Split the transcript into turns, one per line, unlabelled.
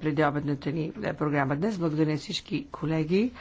предобедната ни програма днес. Благодаря всички колеги.